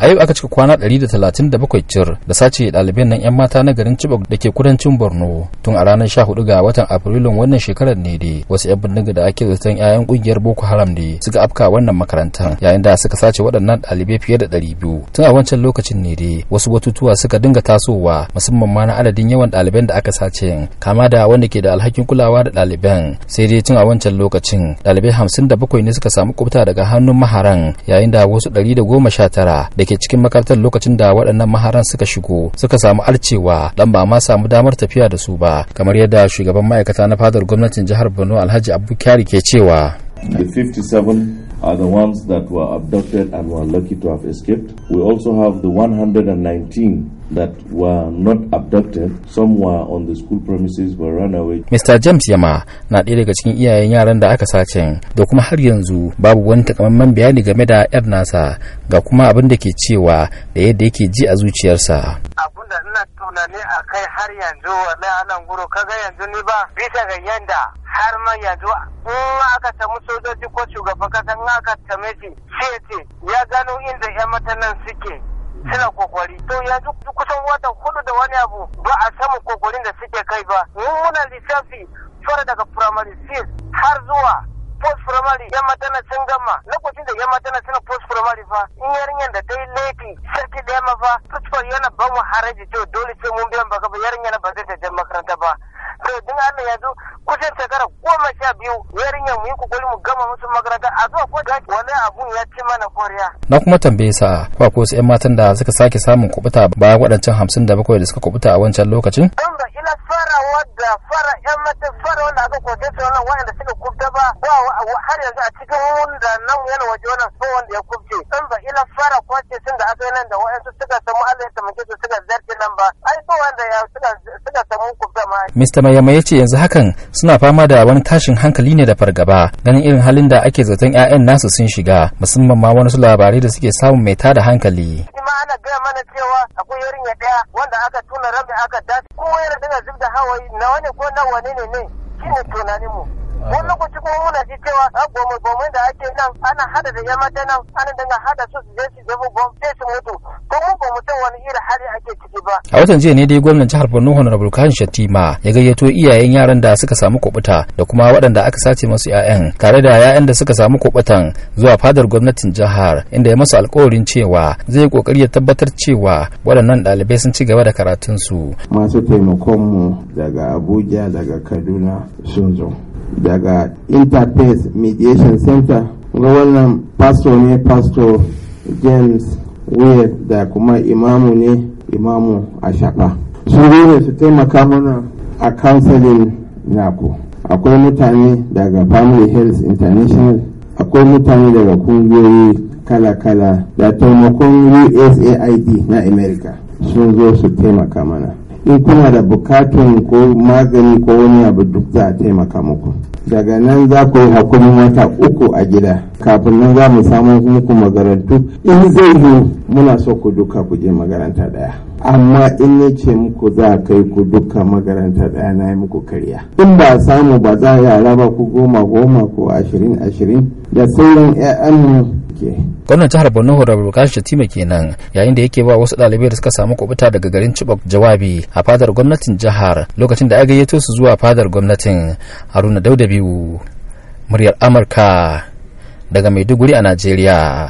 a yau aka cika kwana 137 cir da sace ɗaliban nan 'yan mata na garin Chibok da ke kudancin Borno tun a ranar 14 ga watan Afrilun wannan shekarar ne dai wasu 'yan bindiga da ake zaton 'ya'yan kungiyar Boko Haram ne suka afka wannan makarantar yayin da suka sace waɗannan ɗalibai fiye da 200 tun a wancan lokacin ne dai wasu batutuwa suka dinga tasowa musamman ma na adadin yawan ɗaliban da aka sace kama da wanda ke da alhakin kulawa da ɗaliban sai dai tun a wancan lokacin ɗalibai 57 ne suka samu kubta daga hannun maharan yayin da wasu 119 da ke cikin makarantar lokacin da waɗannan maharan suka shigo suka samu alcewa dan ba ma samu damar tafiya da su ba kamar yadda shugaban ma'aikata na fadar gwamnatin jihar Borno Alhaji Abu ke cewa 57 are the ones that were abducted and were lucky to have escaped. We also have the 119 that were not abducted, some were on the school premises were run away. Mr. James Yama na ɗaya daga cikin iyayen yaran da aka sace da kuma har yanzu babu wani takamaiman bayani game da 'yar nasa ga kuma abin da ke cewa da yadda yake ji a zuciyarsa. tunani a kai har yanzu wallahi anan guro kaga yanzu ni ba bisa ga yanda har ma yanzu in aka samu sojoji ko shugaban kasa in aka same shi sai ce ya gano inda 'yan matanan suke suna kokari to yanzu kusan watan hudu da wani abu ba a samu kokarin da suke kai ba mun muna lissafi fara daga primary six har zuwa post primary yan matanan sun gama lokacin da yan al'amari fa in yarinyar da ta yi laifi sati ɗaya ma fa tutfar yana ban mu haraji to dole sai mun biyan baka ba yarinyar ba zai ta je makaranta ba to din Allah yanzu kusan shekara goma sha biyu yarinyar mu yi kokari mu gama musu makaranta a zuwa ko daki wani abu ya ci mana koriya. Na kuma tambaye sa ko akwai 'yan matan da suka sake samun kubuta bayan waɗancan hamsin da bakwai da suka kubuta a wancan lokacin? Don ba farawa da fara 'yan kwace sun da aka nan da wa'ansu suka samu Allah ya tamake su suka zarce nan ba ai so wanda ya suka suka samu ku zama Mr. Mayama yace yanzu hakan suna fama da wani tashin hankali ne da fargaba ganin irin halin da ake zaton ƴaƴan nasu sun shiga musamman ma wani su labarai da suke samun mai tada hankali kuma ana gaya mana cewa akwai yarinya daya wanda aka tuna rabi aka dace kowa yana da zubda hawaye na wani ko na wani ne ne shine tunanin mu Wani lokaci kuma muna ji cewa gomai da ake nan ana hada da yamma da nan ana dinga hada su su je su jefu bom sai su mutu. Ko mu ba mu san wani irin hali ake ciki ba. A watan jiya ne dai gwamnan jihar Borno Honorable Khan shatima ya gayyato iyayen yaran da suka samu kubuta da kuma waɗanda aka sace masu 'ya'yan tare da 'ya'yan da suka samu kubutan zuwa fadar gwamnatin jihar inda ya masa alƙawarin cewa zai yi kokari ya tabbatar cewa waɗannan ɗalibai sun ci gaba da karatunsu. Masu taimakon mu daga Abuja daga Kaduna sun zo. daga interfaith mediation center ga wannan pastor ne pastor james weir da kuma imamu ne imamu a shafa su zo ne su taimaka mana a counseling naku akwai mutane daga family health international akwai mutane daga kungiyoyi kala-kala da taimakon usaid na america sun zo su taimaka mana in kuna da bukatun ko magani ko wani abu duk za a taimaka muku daga nan za ku yi hakurin wata uku a gida kafin nan za mu samu muku magarantu in zai yi muna so ku duka ku je magaranta daya amma in ya ce muku za a kai ku duka magaranta daya na yi muku karya in ba samu ba za a yara ba ku goma goma ko ashirin ashirin da sauran 'ya'yan mu. suke gwamnan jihar borno honorable kashi shatima kenan yayin da yake ba wasu ɗalibai da suka samu kubuta daga garin chibok jawabi a fadar gwamnatin jihar lokacin da aka gayyato su zuwa fadar gwamnatin haruna dauda biyu muryar amurka daga maiduguri a najeriya